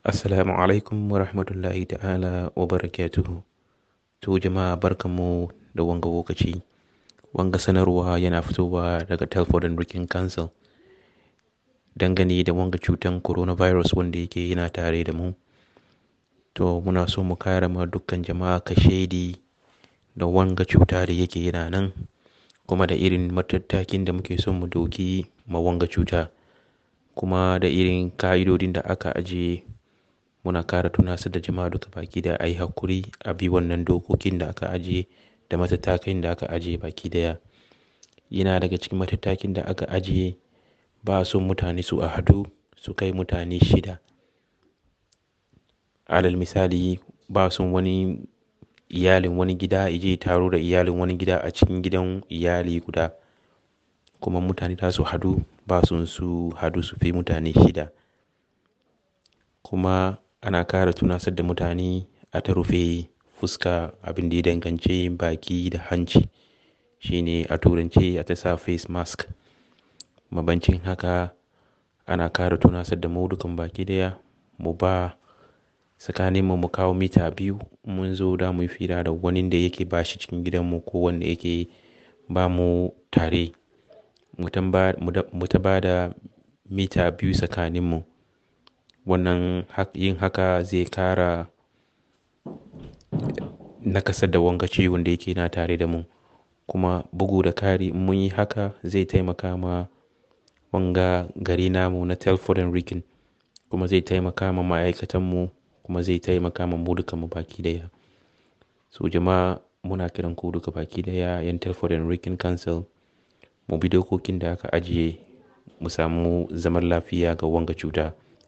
Assalamu alaikum wa rahmatullahi ta'ala wa barakatuhu. To jama'a barkanmu da wanga lokaci. Wanga sanarwa yana fitowa daga Telford and Rickin Council. Dangane da wanga cutan coronavirus wanda yake yana tare da mu. To muna so mu kare ma dukkan jama'a ka shaidi da wanga cuta da yake yana nan kuma da irin matattakin da muke son mu doki ma wanga cuta kuma da irin ka'idodin da aka ajiye muna ƙara tunasar da jama'a duka baki da a yi haƙuri a bi wannan dokokin da aka ajiye da matattakin da aka ajiye baki daya yana daga cikin matattakin da aka ajiye ba son mutane su a hadu su kai mutane shida alal misali ba son wani iyalin wani gida ije taro da iyalin wani gida a cikin gidan iyali guda kuma mutane ta su hadu ba son su hadu su fi mutane shida kuma ana kara tunasar da mutane a ta rufe fuska abin da ya danganci baki da hanci shine a turance a ta sa face mask mabancin haka ana kara tunasar da mu dukan baki daya mu ba tsakanin mu kawo mita biyu mun zo da mu fira da wani da yake bashi cikin gidanmu ko wanda yake ba mu tare mu ta ba da mita biyu tsakaninmu wannan yin haka zai kara nakasa da wanga ciwon da yake na tare da mu kuma bugu da kari in mun yi haka zai taimaka ma wanga gari namu na telford and rikin kuma zai taimaka ma ma'aikatanmu kuma zai taimaka ma mu duka mu baki daya so jama'a muna kiran ku duka baki daya yan telford and rikin council mu bi dokokin da aka ajiye mu samu zaman lafiya ga wanga cuta